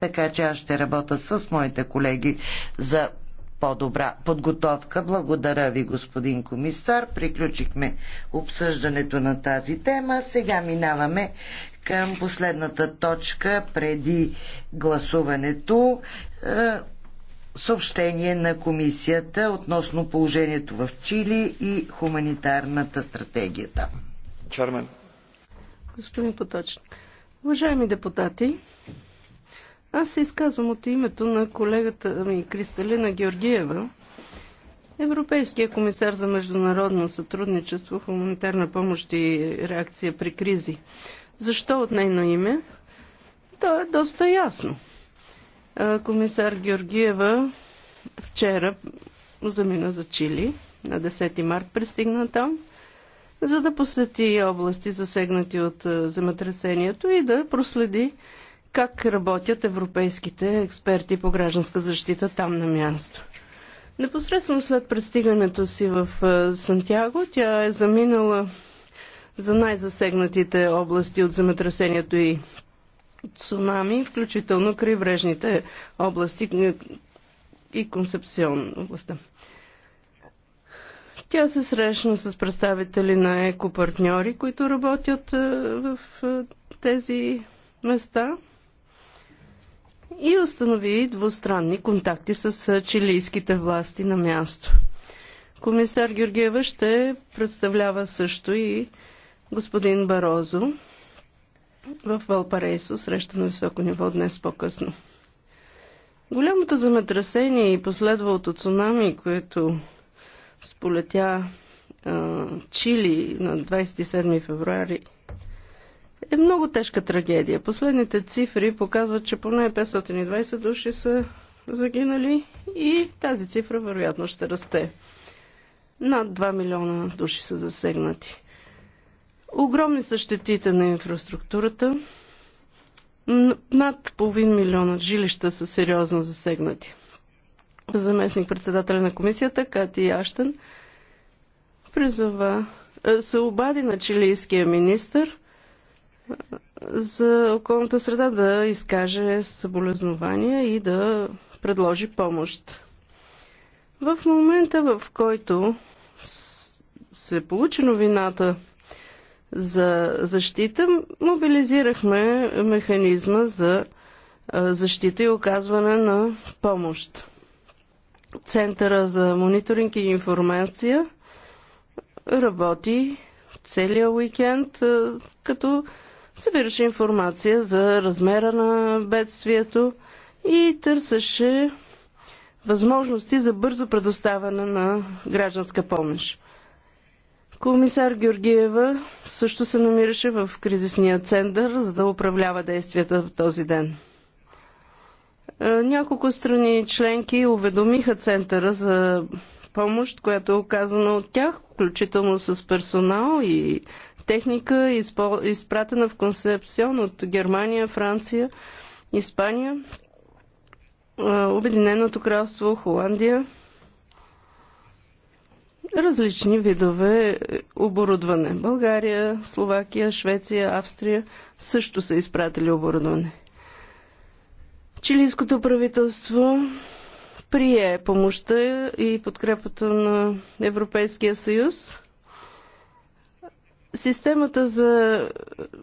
така че аз ще работя с моите колеги за по-добра подготовка. Благодаря ви, господин комисар. Приключихме обсъждането на тази тема. Сега минаваме към последната точка преди гласуването. Е, съобщение на комисията относно положението в Чили и хуманитарната стратегия там. Чармен. Господин Поточник. Уважаеми депутати, аз се изказвам от името на колегата ми Кристалина Георгиева, Европейския комисар за международно сътрудничество, хуманитарна помощ и реакция при кризи. Защо от нейно име? То е доста ясно. Комисар Георгиева вчера замина за Чили. На 10 март пристигна там, за да посети области, засегнати от земетресението и да проследи как работят европейските експерти по гражданска защита там на място. Непосредствено след пристигането си в е, Сантьяго, тя е заминала за най-засегнатите области от земетресението и цунами, включително крайбрежните области е, и Концепцион областта. Тя се срещна с представители на екопартньори, които работят е, в тези места и установи двустранни контакти с чилийските власти на място. Комисар Георгиева ще представлява също и господин Барозо в Валпарейсо, среща на високо ниво днес по-късно. Голямото земетресение и последвалото цунами, което сполетя а, Чили на 27 февруари е много тежка трагедия. Последните цифри показват, че поне 520 души са загинали и тази цифра вероятно ще расте. Над 2 милиона души са засегнати. Огромни са щетите на инфраструктурата. Над половин милиона жилища са сериозно засегнати. Заместник председателя на комисията Кати Ящен призова е, се обади на чилийския министр – за околната среда да изкаже съболезнования и да предложи помощ. В момента, в който се получи новината за защита, мобилизирахме механизма за защита и оказване на помощ. Центъра за мониторинг и информация работи целия уикенд, като събираше информация за размера на бедствието и търсеше възможности за бързо предоставяне на гражданска помощ. Комисар Георгиева също се намираше в кризисния център, за да управлява действията в този ден. Е, няколко страни членки уведомиха центъра за помощ, която е оказана от тях, включително с персонал и техника, изпратена в концепцион от Германия, Франция, Испания, Обединеното кралство, Холандия. Различни видове е, оборудване. България, Словакия, Швеция, Австрия също са изпратили оборудване. Чилийското правителство прие помощта и подкрепата на Европейския съюз Системата за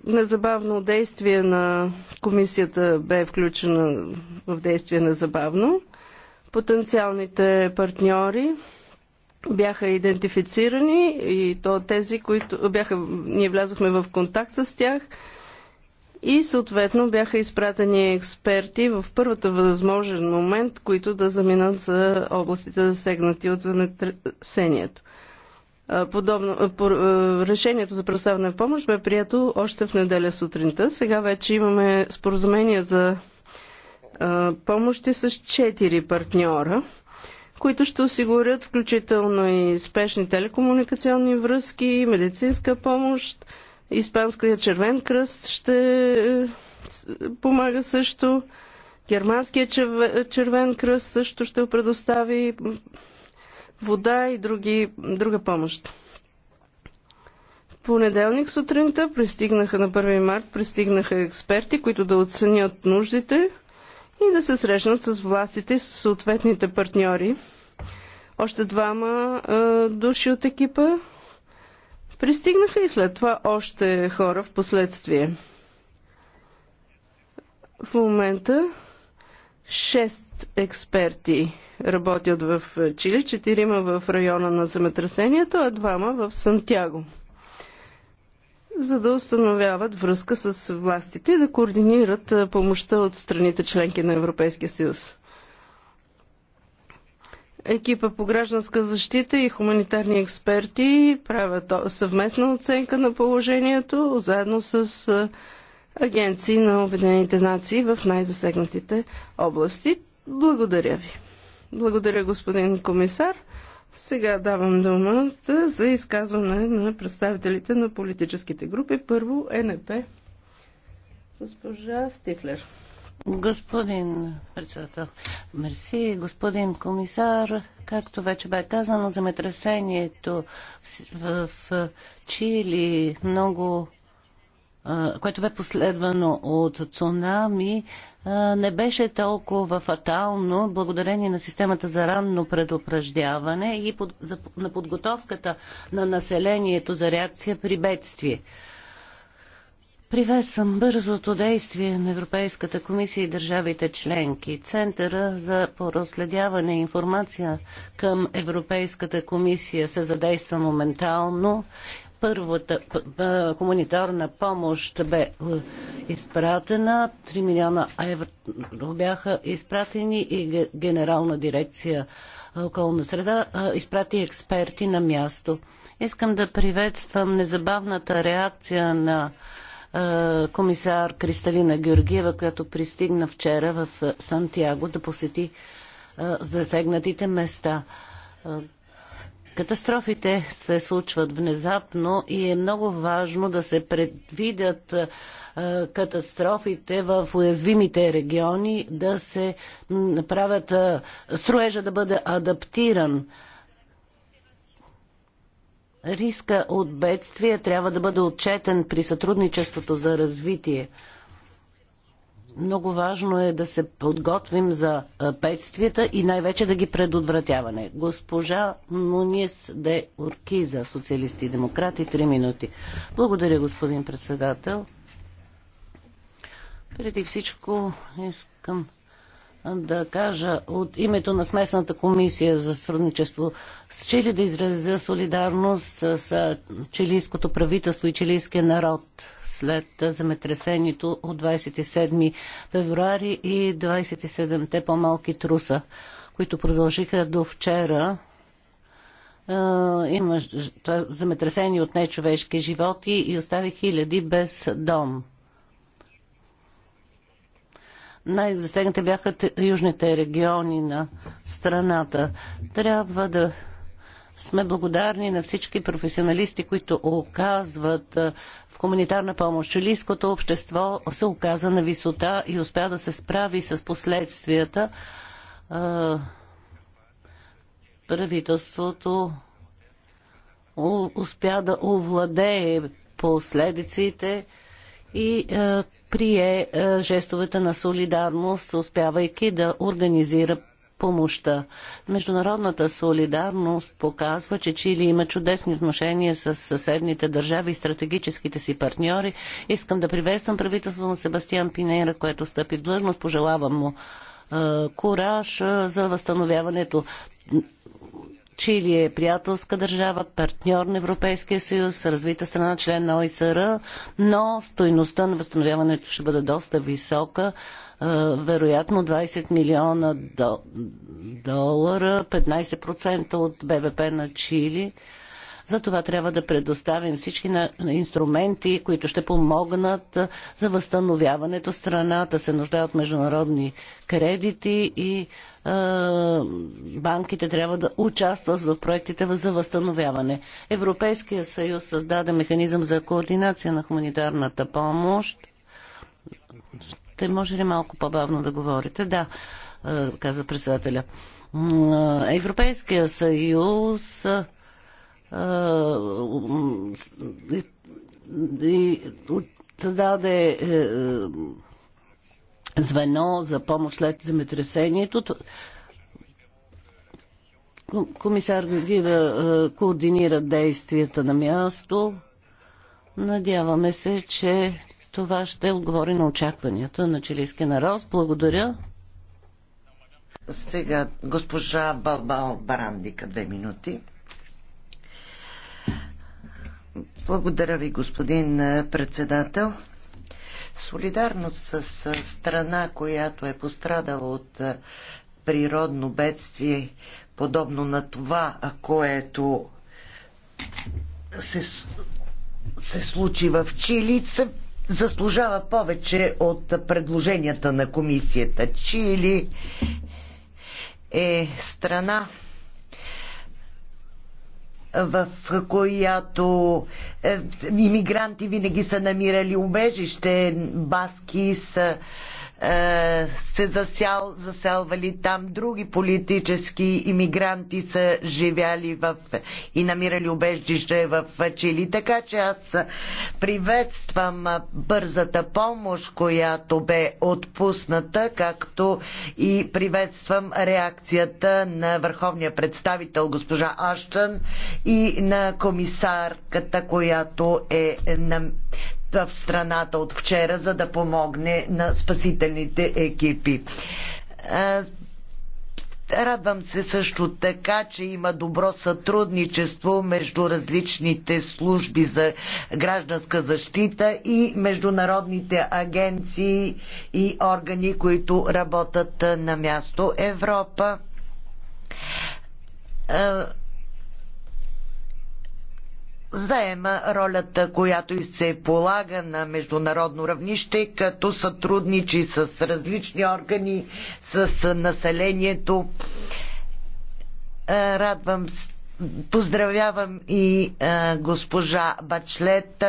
незабавно действие на комисията бе включена в действие незабавно. Потенциалните партньори бяха идентифицирани и то тези, които бяха, ние влязохме в контакта с тях и съответно бяха изпратени експерти в първата възможен момент, които да заминат за областите засегнати от земетресението. Подобно, по, решението за предоставяне на помощ бе прието още в неделя сутринта. Сега вече имаме споразумение за а, помощи с четири партньора, които ще осигурят включително и спешни телекомуникационни връзки, медицинска помощ. Испанския червен кръст ще е, помага също. Германския червен кръст също ще предостави вода и други, друга помощ. Понеделник сутринта пристигнаха на 1 март, пристигнаха експерти, които да оценят нуждите и да се срещнат с властите и с съответните партньори. Още двама а, души от екипа пристигнаха и след това още хора в последствие. В момента Шест експерти работят в Чили, четирима в района на земетресението, а двама в Сантяго, за да установяват връзка с властите и да координират помощта от страните членки на Европейския съюз. Екипа по гражданска защита и хуманитарни експерти правят съвместна оценка на положението, заедно с агенции на Обединените нации в най-засегнатите области. Благодаря ви. Благодаря, господин комисар. Сега давам думата за изказване на представителите на политическите групи. Първо НП. Госпожа Стифлер. Господин председател, мерси. Господин комисар, както вече бе казано, земетресението в Чили много което бе последвано от цунами, не беше толкова фатално благодарение на системата за ранно предупреждаване и под, за, на подготовката на населението за реакция при бедствие. Приветствам бързото действие на Европейската комисия и държавите членки. Центъра за проследяване и информация към Европейската комисия се задейства моментално Първата хуманитарна помощ бе е, изпратена. 3 милиона евро бяха изпратени и Генерална дирекция е, околна среда е, изпрати експерти на място. Искам да приветствам незабавната реакция на комисар Кристалина Георгиева, която пристигна вчера в Сантьяго да посети засегнатите места. Катастрофите се случват внезапно и е много важно да се предвидят катастрофите в уязвимите региони, да се направят строежа да бъде адаптиран. Риска от бедствия трябва да бъде отчетен при сътрудничеството за развитие. Много важно е да се подготвим за бедствията и най-вече да ги предотвратяваме. Госпожа Нунис де Оркиза, социалисти и демократи, 3 минути. Благодаря, господин председател. Преди всичко искам да кажа от името на Смесната комисия за сътрудничество с Чили да изразя солидарност с чилийското правителство и чилийския народ след земетресението от 27 февруари и 27-те по-малки труса, които продължиха до вчера. Има земетресение от нечовешки животи и остави хиляди без дом най-засегнати бяха южните региони на страната. Трябва да сме благодарни на всички професионалисти, които оказват в хуманитарна помощ. Чилийското общество се оказа на висота и успя да се справи с последствията. Правителството успя да овладее последиците и прие е, жестовете на солидарност, успявайки да организира помощта. Международната солидарност показва, че Чили има чудесни отношения с съседните държави и стратегическите си партньори. Искам да приветствам правителството на Себастиан Пинейра, което стъпи в длъжност. Пожелавам му е, кураж е, за възстановяването Чили е приятелска държава, партньор на Европейския съюз, развита страна, член на ОИСР, но стойността на възстановяването ще бъде доста висока. Е, вероятно 20 милиона долара, 15% от БВП на Чили – затова трябва да предоставим всички инструменти, които ще помогнат за възстановяването. Страната се нуждаят от международни кредити и банките трябва да участват в проектите за възстановяване. Европейския съюз създаде механизъм за координация на хуманитарната помощ. Те може ли малко по-бавно да говорите? Да, каза председателя. Европейския съюз създаде е, е, звено за помощ след земетресението. Комисар Георгиева е, координира действията на място. Надяваме се, че това ще отговори на очакванията на чилийския народ. Благодаря. Сега госпожа Балбал Барандика, две минути. Благодаря ви, господин председател. Солидарност с страна, която е пострадала от природно бедствие, подобно на това, което се, се случи в Чили, се заслужава повече от предложенията на комисията. Чили е страна, в която е, иммигранти винаги са намирали убежище, баски са е, се засял, заселвали там, други политически иммигранти са живяли в, и намирали убежище в Чили. Така че аз приветствам бързата помощ, която бе отпусната, както и приветствам реакцията на върховния представител госпожа Аштън и на комисарката, която е, е на в страната от вчера, за да помогне на спасителните екипи. Радвам се също така, че има добро сътрудничество между различните служби за гражданска защита и международните агенции и органи, които работят на място Европа заема ролята, която и се полага на международно равнище, като сътрудничи с различни органи, с населението. Е, радвам Поздравявам и е, госпожа Бачлет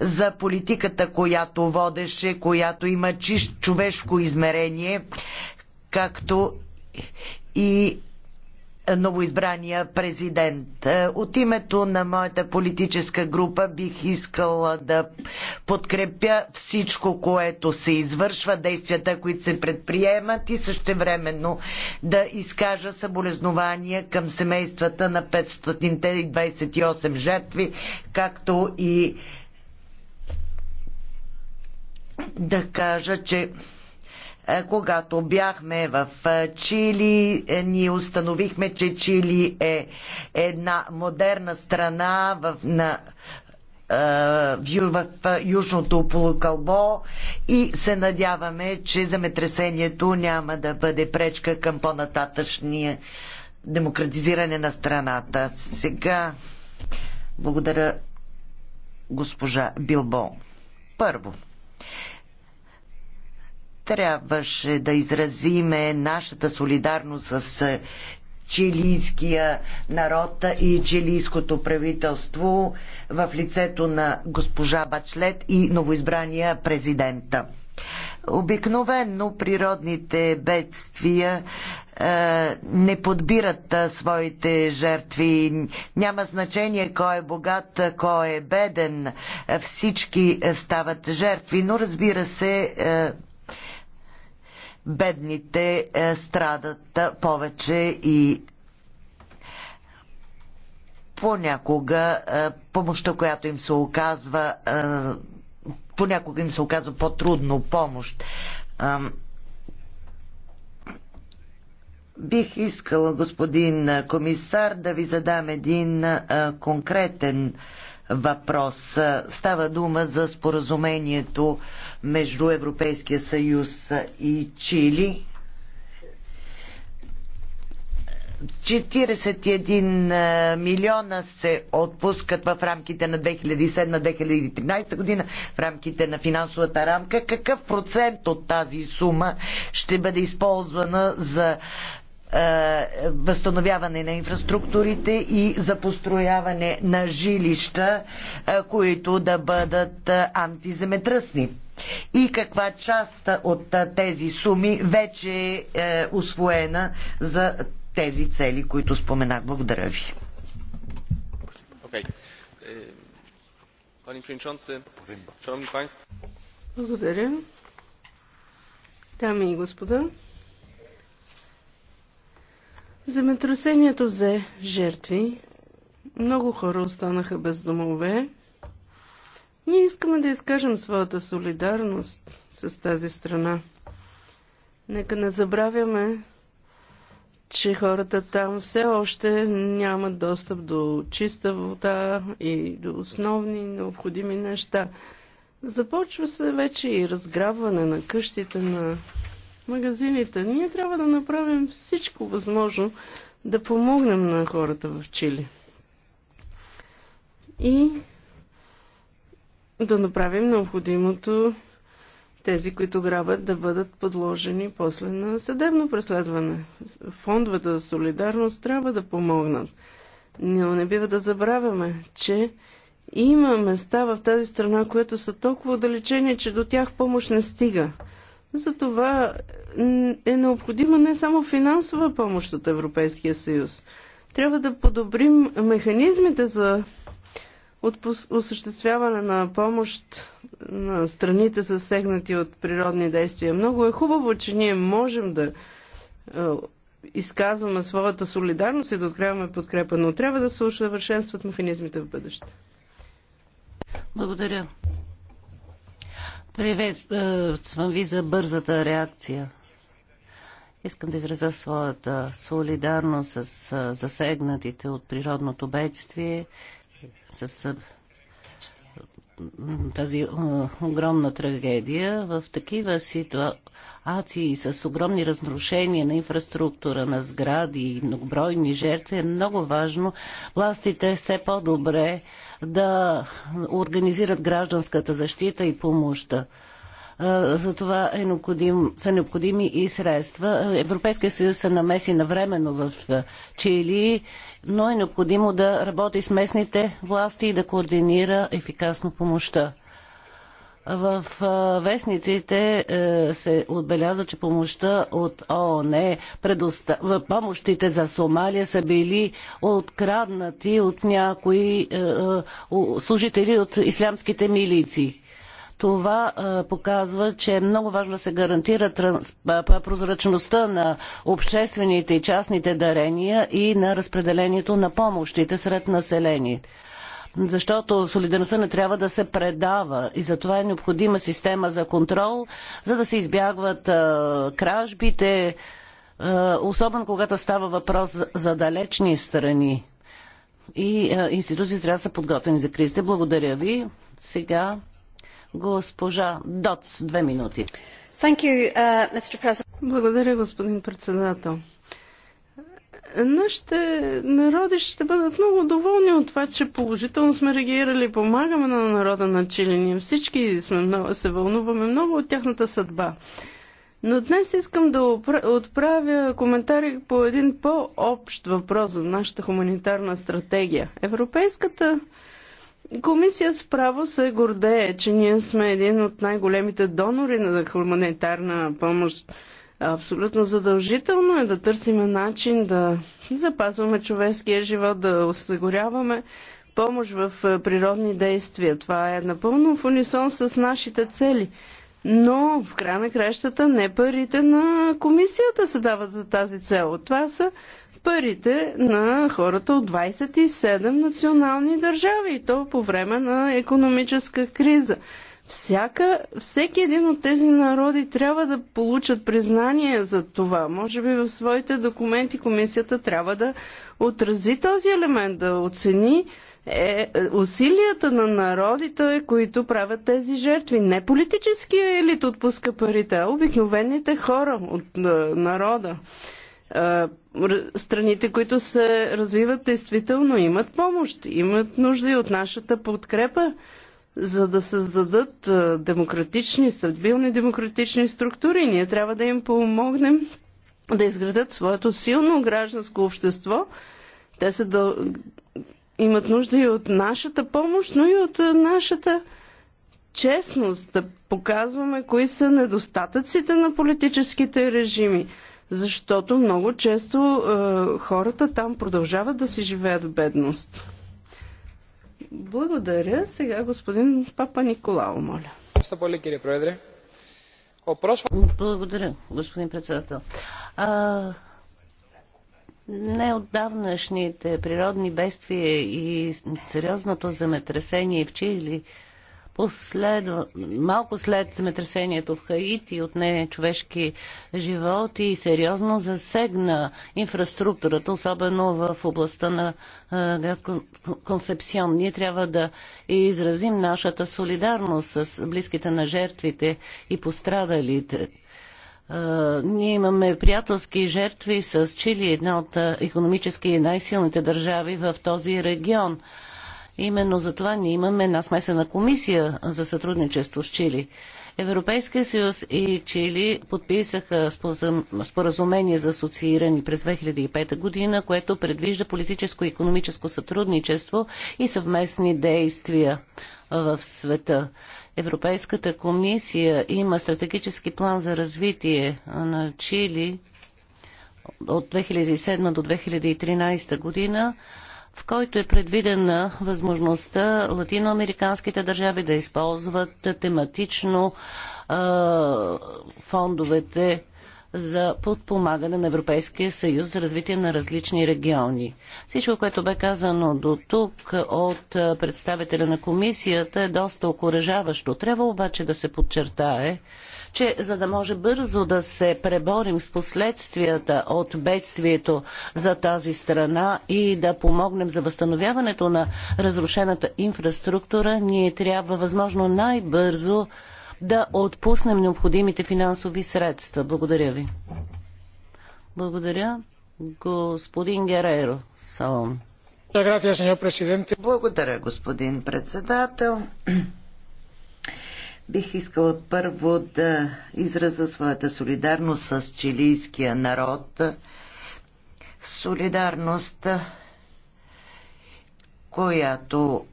за политиката, която водеше, която има чист човешко измерение, както и новоизбрания президент. Е, от името на моята политическа група бих искала да подкрепя всичко, което се извършва, действията, които се предприемат и същевременно да изкажа съболезнования към семействата на 528 жертви, както и да кажа, че е, когато бяхме в е, Чили, е, ние установихме, че Чили е една модерна страна в, на, в Южното полукълбо и се надяваме, че земетресението няма да бъде пречка към по-нататъчния демократизиране на страната. Сега благодаря госпожа Билбо. Първо, трябваше да изразиме нашата солидарност с е, чилийския народ и чилийското правителство в лицето на госпожа Бачлет и новоизбрания президента. Обикновенно природните бедствия е, не подбират е, своите жертви. Няма значение кой е богат, кой е беден. Всички е, стават жертви, но разбира се. Е, бедните е, страдат повече и понякога е, помощта, която им се оказва, е, понякога им се оказва по-трудно помощ. Бих искала, господин комисар, да ви задам един конкретен въпрос. Става дума за споразумението между Европейския съюз и Чили. 41 милиона се отпускат в рамките на 2007-2013 година, в рамките на финансовата рамка. Какъв процент от тази сума ще бъде използвана за е, възстановяване на инфраструктурите и за построяване на жилища, е, които да бъдат е, антиземетръсни и каква част от тези суми вече е освоена за тези цели, които споменах. Благодаря ви. Благодаря. Дами и господа, Земетресението взе жертви. Много хора останаха без домове. Ние искаме да изкажем своята солидарност с тази страна. Нека не забравяме, че хората там все още нямат достъп до чиста вода и до основни необходими неща. Започва се вече и разграбване на къщите на магазините. Ние трябва да направим всичко възможно да помогнем на хората в Чили. И да направим необходимото тези, които грабят, да бъдат подложени после на съдебно преследване. Фондовата за солидарност трябва да помогнат. Но не бива да забравяме, че има места в тази страна, които са толкова отдалечени, че до тях помощ не стига. Затова е необходима не само финансова помощ от Европейския съюз. Трябва да подобрим механизмите за осъществяване на помощ на страните засегнати от природни действия. Много е хубаво, че ние можем да е, изказваме своята солидарност и да откриваме подкрепа, но трябва да се усъвършенстват механизмите в бъдеще. Благодаря. Приветствам е, ви за бързата реакция. Искам да изразя своята солидарност с е, засегнатите от природното бедствие, с е, тази огромна трагедия, в такива ситуации с огромни разрушения на инфраструктура, на сгради и многобройни жертви е много важно властите все по-добре да организират гражданската защита и помощта. За това е необходим, са необходими и средства. Европейския съюз се намеси навременно в Чили, но е необходимо да работи с местните власти и да координира ефикасно помощта. В вестниците е, се отбелязва, че помощта от ООН, помощите за Сомалия са били откраднати от някои е, е, служители от ислямските милиции. Това а, показва, че е много важно да се гарантира транс... прозрачността на обществените и частните дарения и на разпределението на помощите сред населението защото солидарността не трябва да се предава и затова е необходима система за контрол, за да се избягват а, кражбите, а, особено когато става въпрос за далечни страни. И а, институции трябва да са подготвени за кризите. Благодаря ви. Сега Госпожа Доц, две минути. You, uh, Благодаря, господин председател. Нашите народи ще бъдат много доволни от това, че положително сме реагирали, помагаме на народа на Чили. Ние всички сме много, се вълнуваме много от тяхната съдба. Но днес искам да отправя коментари по един по-общ въпрос за нашата хуманитарна стратегия. Европейската Комисия справо се гордее, че ние сме един от най-големите донори на хуманитарна помощ. Абсолютно задължително е да търсим начин да запазваме човешкия живот, да осигуряваме помощ в е, природни действия. Това е напълно в унисон с нашите цели. Но в края на кращата не парите на комисията се дават за тази цел. Това са парите на хората от 27 национални държави и то по време на економическа криза. Всяка, всеки един от тези народи трябва да получат признание за това. Може би в своите документи комисията трябва да отрази този елемент, да оцени е, е усилията на народите, които правят тези жертви. Не политическия елит отпуска парите, а обикновените хора от е, народа страните, които се развиват, действително имат помощ, имат нужда и от нашата подкрепа, за да създадат демократични, стабилни демократични структури. Ние трябва да им помогнем да изградат своето силно гражданско общество. Те се да имат нужда и от нашата помощ, но и от нашата честност, да показваме кои са недостатъците на политическите режими защото много често е, хората там продължават да си живеят в бедност. Благодаря. Сега господин Папа Николао, моля. Благодаря, господин председател. А, отдавнашните природни бедствия и сериозното земетресение в Чили – Последва, малко след земетресението в Хаити отне човешки животи и сериозно засегна инфраструктурата, особено в областта на град Консепсион. Ние трябва да изразим нашата солидарност с близките на жертвите и пострадалите ние имаме приятелски жертви с Чили, една от економически най-силните държави в този регион. Именно за това ние имаме една смесена комисия за сътрудничество с Чили. Европейския съюз и Чили подписаха споразумение за асоциирани през 2005 година, което предвижда политическо и економическо сътрудничество и съвместни действия в света. Европейската комисия има стратегически план за развитие на Чили от 2007 до 2013 година в който е предвидена възможността латиноамериканските държави да използват тематично фондовете за подпомагане на Европейския съюз за развитие на различни региони. Всичко, което бе казано до тук от представителя на комисията е доста окоръжаващо. Трябва обаче да се подчертае, че за да може бързо да се преборим с последствията от бедствието за тази страна и да помогнем за възстановяването на разрушената инфраструктура, ние трябва възможно най-бързо да отпуснем необходимите финансови средства. Благодаря ви. Благодаря. Господин Герейро, салон. Благодаря, господин председател. Бих искала първо да израза своята солидарност с чилийския народ. Солидарност, която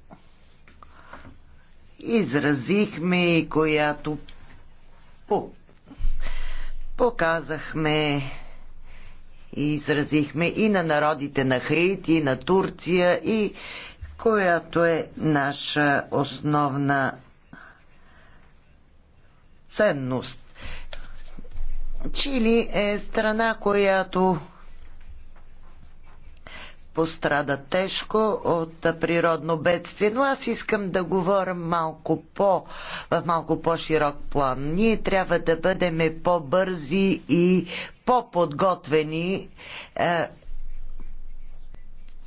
изразихме и която по показахме и изразихме и на народите на Хаити, и на Турция, и която е наша основна ценност. Чили е страна, която пострада тежко от природно бедствие, но аз искам да говоря малко по, в малко по-широк план. Ние трябва да бъдем по-бързи и по-подготвени е,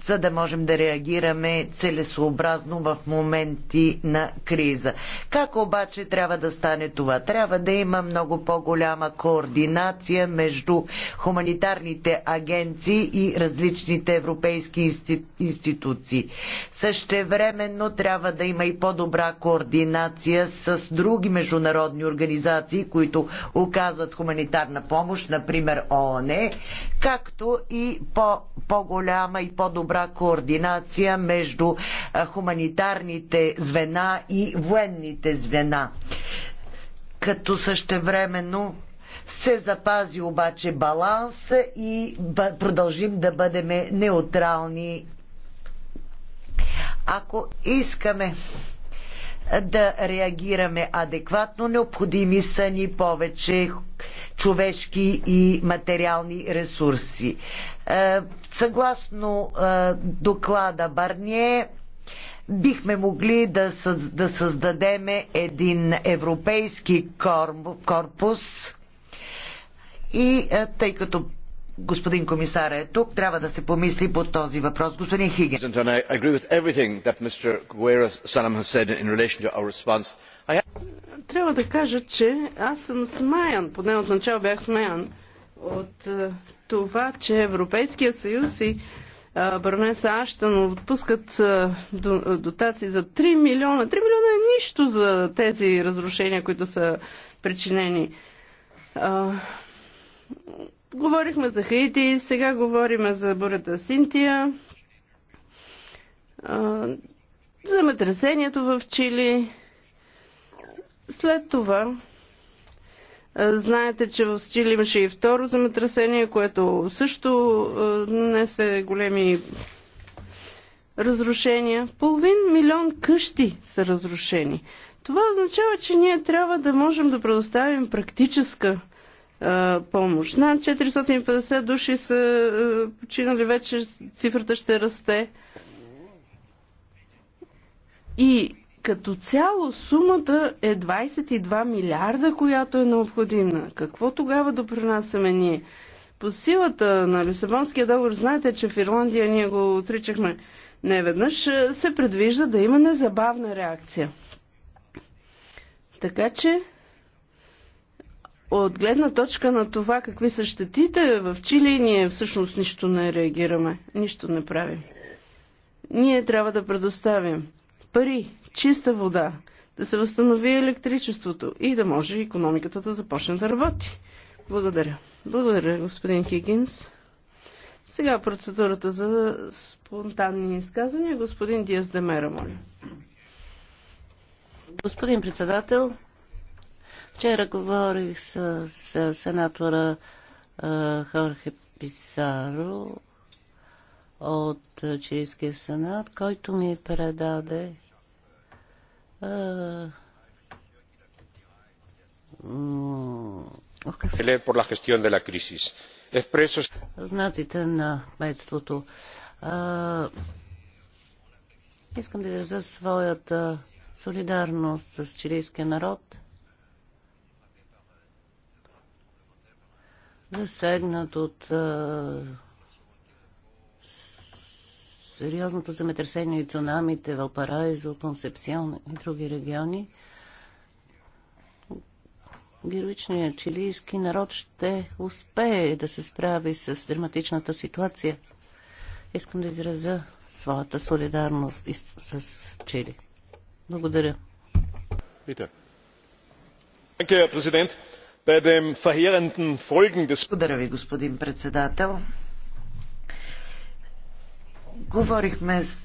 за да можем да реагираме целесообразно в моменти на криза. Как обаче трябва да стане това? Трябва да има много по-голяма координация между хуманитарните агенции и различните европейски институции. Същевременно трябва да има и по-добра координация с други международни организации, които оказват хуманитарна помощ, например ООН, както и по-голяма -по и по-добра по-добра координация между хуманитарните звена и военните звена. Като същевременно се запази обаче баланс и продължим да бъдем неутрални. Ако искаме да реагираме адекватно. Необходими са ни повече човешки и материални ресурси. Е, съгласно е, доклада Барние, бихме могли да, да създадем един европейски корпус и е, тъй като господин комисар е тук, трябва да се помисли по този въпрос. Господин Хиген. Трябва да кажа, че аз съм смаян, поне от начало бях смаян от е, това, че Европейския съюз и е, баронеса Аштан отпускат е, дотации за 3 милиона. 3 милиона е нищо за тези разрушения, които са причинени Говорихме за Хаити, сега говорим за бурата Синтия, земетресението в Чили. След това Знаете, че в Чили имаше и второ земетресение, което също нанесе големи разрушения. Половин милион къщи са разрушени. Това означава, че ние трябва да можем да предоставим практическа помощ. Над 450 души са починали вече, цифрата ще расте. И като цяло сумата е 22 милиарда, която е необходима. Какво тогава допринасяме ние? По силата на Лисабонския договор, знаете, че в Ирландия ние го отричахме неведнъж, се предвижда да има незабавна реакция. Така че от гледна точка на това какви са щетите в Чили, ние всъщност нищо не реагираме, нищо не правим. Ние трябва да предоставим пари, чиста вода, да се възстанови електричеството и да може економиката да започне да работи. Благодаря. Благодаря, господин Хигинс. Сега процедурата за спонтанни изказвания. Господин Диас Демера, моля. Господин председател, Вчера говорих с, с сенатора а, Хорхе Писаро от Чилийския сенат, който ми предаде а, Знаците на кметството. искам да изразя своята солидарност с чилийския народ засегнат от а, сериозното земетресение и цунамите, Валпараизо, Консепсион и други региони, героичният чилийски народ ще успее да се справи с драматичната ситуация. Искам да изразя своята солидарност с Чили. Благодаря. Благодаря, Danke, благодаря ви, господин председател. Говорихме с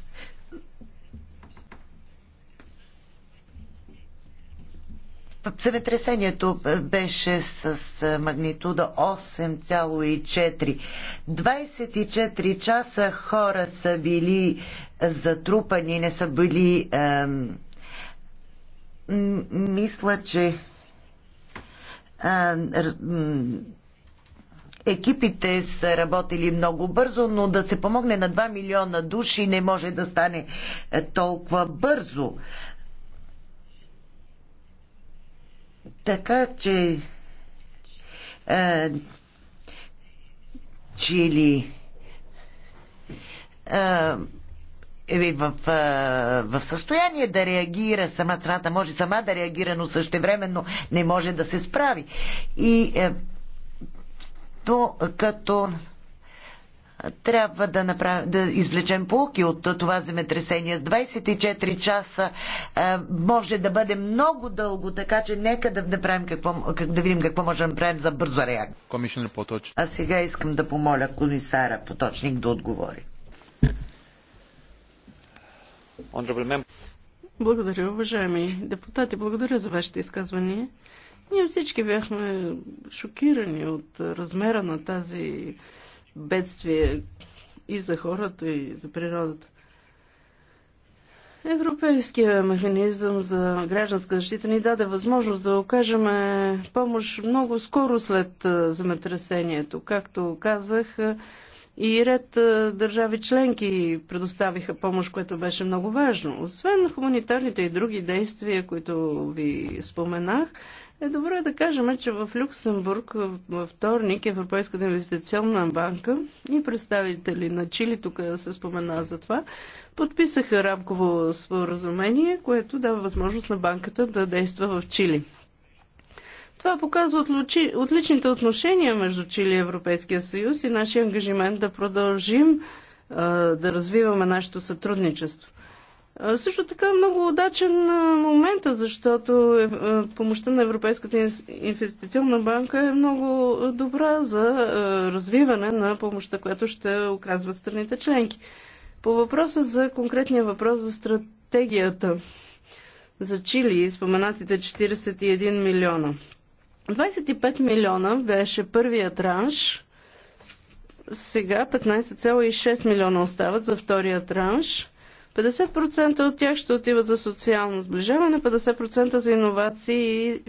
Земетресението беше с магнитуда 8,4. 24 часа хора са били затрупани, не са били. Ем, мисля, че екипите са работили много бързо, но да се помогне на 2 милиона души не може да стане е, толкова бързо. Така че. А, е, чили. А, е, е в, в състояние да реагира сама страната, може сама да реагира, но същевременно не може да се справи. И е, то, като трябва да, направим, да извлечем полки от това земетресение. С 24 часа е, може да бъде много дълго, така че нека да, направим да как, да видим какво можем да направим за бързо реакция. А сега искам да помоля комисара Поточник да отговори. Благодаря, уважаеми депутати. Благодаря за вашите изказвания. Ние всички бяхме шокирани от размера на тази бедствие и за хората, и за природата. Европейския механизъм за гражданска защита ни даде възможност да окажем помощ много скоро след земетресението. Както казах, и ред държави членки предоставиха помощ, което беше много важно. Освен хуманитарните и други действия, които ви споменах, е добре да кажем, че в Люксембург във вторник Европейската инвестиционна банка и представители на Чили, тук се спомена за това, подписаха рамково споразумение, което дава възможност на банката да действа в Чили. Това показва отличните отношения между Чили и Европейския съюз и нашия ангажимент да продължим да развиваме нашето сътрудничество. Също така е много удачен момента, защото е, помощта на Европейската инвестиционна банка е много добра за развиване на помощта, която ще оказват страните членки. По въпроса за конкретния въпрос за стратегията за Чили и споменатите 41 милиона – 25 милиона беше първия транш. Сега 15,6 милиона остават за втория транш. 50% от тях ще отиват за социално сближаване, 50% за иновации и е,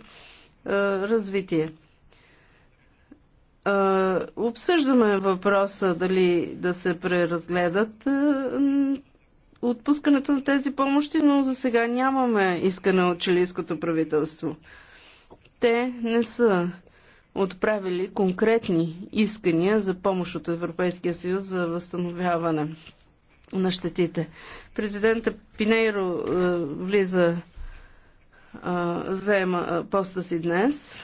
развитие. Е, обсъждаме въпроса дали да се преразгледат е, отпускането на тези помощи, но за сега нямаме искане от чилийското правителство те не са отправили конкретни искания за помощ от Европейския съюз за възстановяване на щетите. Президента Пинейро е, влиза, е, заема е, поста си днес.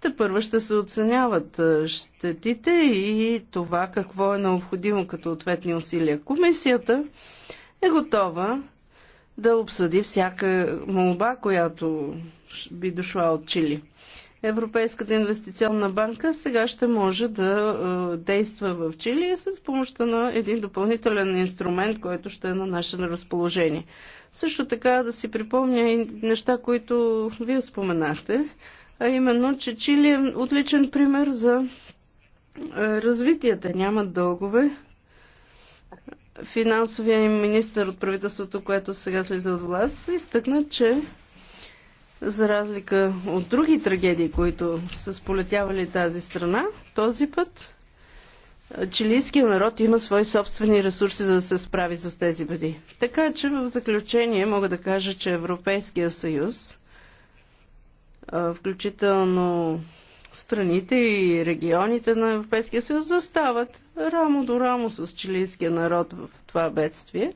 Те първо ще се оценяват е, щетите и това какво е необходимо като ответни усилия. Комисията е готова да обсъди всяка молба, която би дошла от Чили. Европейската инвестиционна банка сега ще може да е, действа в Чили с помощта на един допълнителен инструмент, който ще е на наше разположение. Също така да си припомня и неща, които вие споменахте, а именно, че Чили е отличен пример за е, развитията. Нямат дългове. Финансовия им министр от правителството, което сега слиза от власт, изтъкна, че за разлика от други трагедии, които са сполетявали тази страна, този път чилийския народ има свои собствени ресурси за да се справи с тези беди. Така че в заключение мога да кажа, че Европейския съюз, включително страните и регионите на Европейския съюз застават рамо до рамо с чилийския народ в това бедствие.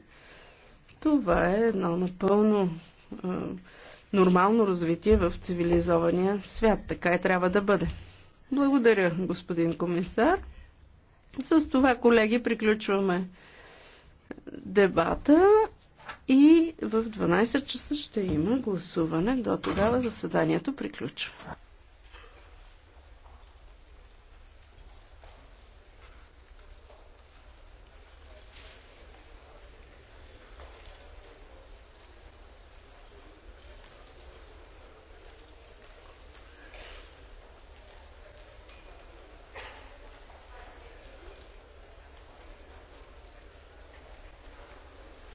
Това е едно напълно нормално развитие в цивилизования свят. Така и трябва да бъде. Благодаря, господин комисар. С това, колеги, приключваме дебата и в 12 часа ще има гласуване. До тогава заседанието приключва.